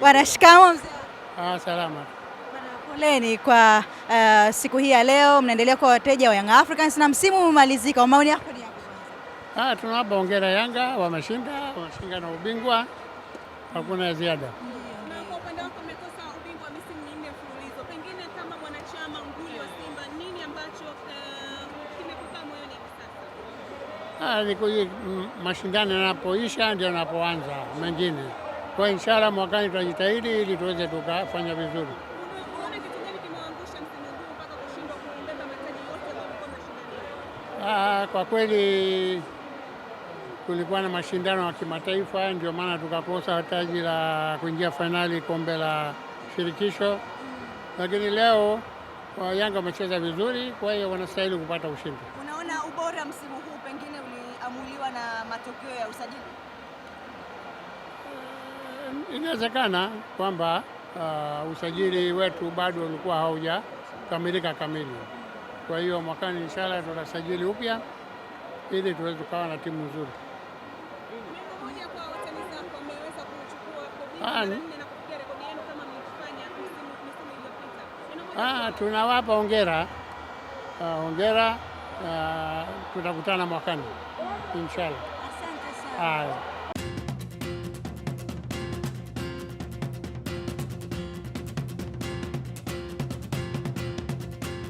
Bwana, mzee. Ah, salama. Poleni kwa uh, siku hii ya leo mnaendelea kwa wateja wa Young Africans na msimu umemalizika. Maoni yako ni yapi? Ah, tunawapa hongera Yanga, wameshinda, wameshinda na ubingwa. Hakuna ya ziada. Mashindano yanapoisha ndio yanapoanza mengine. Kwa inshallah mwakani tutajitahidi ili tuweze tukafanya vizuri. Aa, ah, kwa kweli kulikuwa na mashindano ya kimataifa, ndio maana tukakosa taji la kuingia fainali kombe la shirikisho, lakini leo kwa Yanga wamecheza vizuri, kwa hiyo wanastahili kupata ushindi. Unaona ubora msimu huu pengine uliamuliwa na matokeo ya usajili? inawezekana kwamba uh, usajili wetu bado ulikuwa haujakamilika kamili. Kwa hiyo mwakani inshallah tutasajili upya ili tuweze tukawa na timu nzuri. Ah, ah tunawapa hongera ah, hongera. Uh, uh, tutakutana mwakani inshallah. Asante sana.